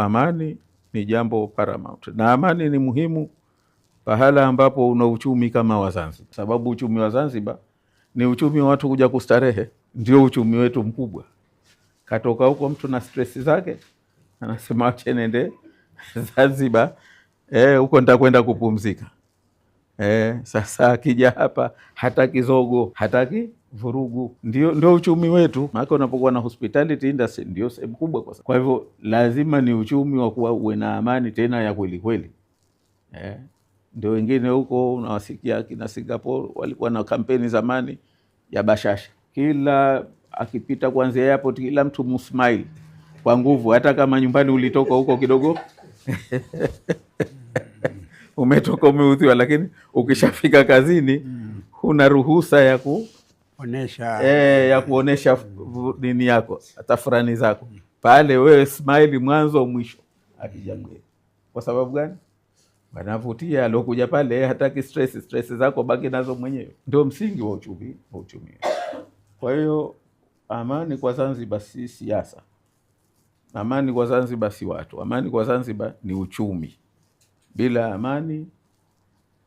amani ni jambo paramount, na amani ni muhimu pahala ambapo una uchumi kama wa Zanzibar, sababu uchumi wa Zanzibar ni uchumi wa watu kuja kustarehe, ndio uchumi wetu mkubwa. Katoka huko mtu na stress zake, anasema acha nende Zanzibar eh, huko, nitakwenda kupumzika. Eh, sasa akija hapa hataki zogo, hataki vurugu. Ndio, ndio uchumi wetu, maana unapokuwa na hospitality industry ndio sehemu kubwa kwa sasa. Kwa hivyo lazima ni uchumi wa kuwa uwe na amani tena ya kweli kweli. Eh, ndio wengine huko unawasikia kina Singapore walikuwa na kampeni zamani ya bashasha, kila akipita kuanzia airport, kila mtu musmile kwa nguvu, hata kama nyumbani ulitoka huko kidogo umetoka umeudhiwa, lakini ukishafika kazini mm. huna ruhusa ya ku onesha, eh, ya kuonesha nini yako hata zako mm. pale, wewe smile mwanzo mwisho akija mm. kwa sababu gani? Wanavutia aliokuja pale, hataki stress. Stress zako baki nazo mwenyewe, ndio msingi wa uchumi wa uchumi. Kwa hiyo amani kwa Zanzibar si siasa, amani kwa Zanzibar si watu, amani kwa Zanzibar ni uchumi bila amani,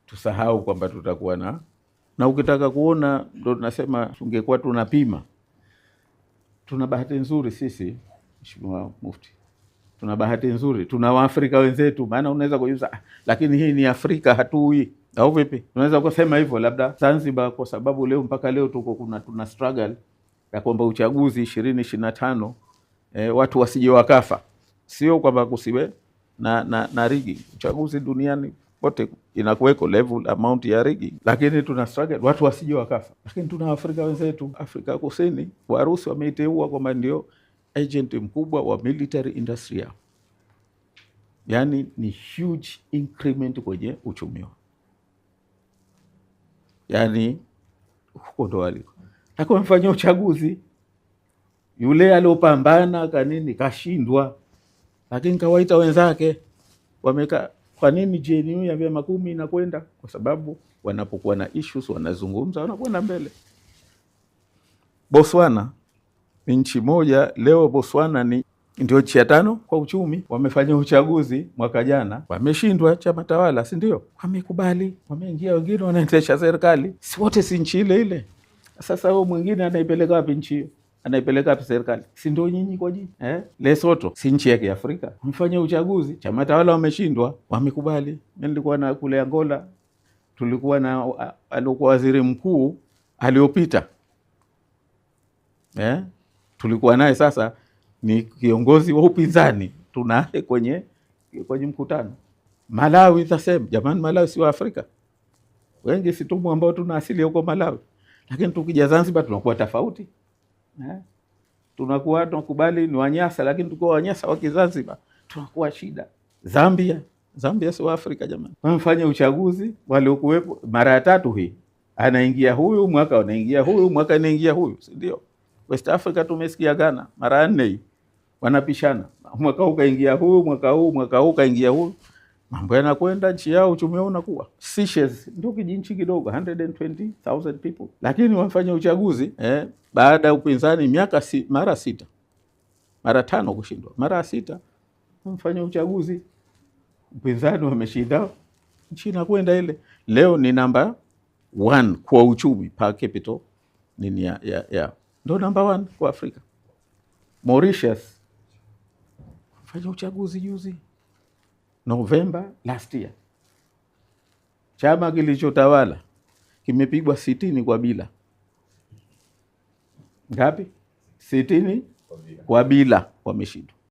tusahau kwamba tutakuwa na na. Ukitaka kuona, ndo tunasema tungekuwa tunapima. Tuna bahati nzuri sisi, Mheshimiwa Mufti, tuna bahati nzuri, tuna Waafrika wenzetu. Maana unaweza kujuza, ah, lakini hii ni Afrika hatui au vipi? Unaweza kusema hivyo labda Zanzibar, kwa sababu leo mpaka leo tuko kuna tuna struggle ya kwamba uchaguzi ishirini ishirini na tano eh, watu wasije wakafa, sio kwamba kusiwe na, na, na rigging. Uchaguzi duniani pote inakuweko level amount ya rigging, lakini tuna struggle watu wasije wakafa. Lakini tuna Afrika wenzetu, Afrika Kusini, Warusi wameiteua kwamba ndio agent mkubwa wa military industry yao, yaani ni huge increment kwenye uchumi wao, yaani huko ndo waliko, lakini wamefanyia uchaguzi yule aliopambana kanini kashindwa lakini kawaita wenzake wameka. Kwa nini JNU ya vyama kumi inakwenda? Kwa sababu wanapokuwa na issues wanazungumza, wanakwenda mbele. Botswana ni nchi moja leo. Botswana ni ndio nchi ya tano kwa uchumi. Wamefanya uchaguzi mwaka jana, wameshindwa chama tawala, si ndio? Wamekubali, wameingia, wengine wanaendesha serikali, si wote, si nchi ile ile. Sasa huyo mwingine anaipeleka wapi nchi hiyo? anaipeleka hapa serikali, si ndio nyinyi kwa jini eh? Lesoto si nchi ya Kiafrika, mfanye uchaguzi, chama tawala wameshindwa, wamekubali. Mi nilikuwa na kule Angola, tulikuwa na aliokuwa waziri mkuu aliopita eh? tulikuwa naye sasa ni kiongozi wa upinzani, tunaye kwenye kwenye mkutano. Malawi the same. Jamani, Malawi si wa Afrika wengi, situmu ambao tuna asili huko Malawi, lakini tukija Zanzibar tunakuwa tofauti eh? tunakuwa tunakubali ni Wanyasa, lakini tukuwa Wanyasa wa Kizanzibar tunakuwa shida. Zambia, Zambia sio Afrika jamani. Wamefanya uchaguzi waliokuwepo mara ya tatu hii, anaingia huyu mwaka, anaingia huyu mwaka, anaingia huyu, si ndio? West Africa tumesikia Ghana mara ya nne hii wanapishana, mwaka huu kaingia huyu, mwaka huu, mwaka huu kaingia huyu mambo yanakwenda nchi yao, uchumi wao unakuwa. Seychelles ndio kijinchi kidogo 120,000 people, lakini wamfanya uchaguzi eh, baada ya upinzani miaka si, mara sita mara tano kushindwa mara sita wamfanya uchaguzi upinzani wameshinda, nchi inakwenda ile. Leo ni namba one kwa uchumi per capita nini ya, ya, ya. Ndo namba one kwa Afrika. Mauritius fanya uchaguzi juzi Novemba last year. Chama kilichotawala kimepigwa sitini kwa bila. Ngapi? sitini kwa bila wameshindwa.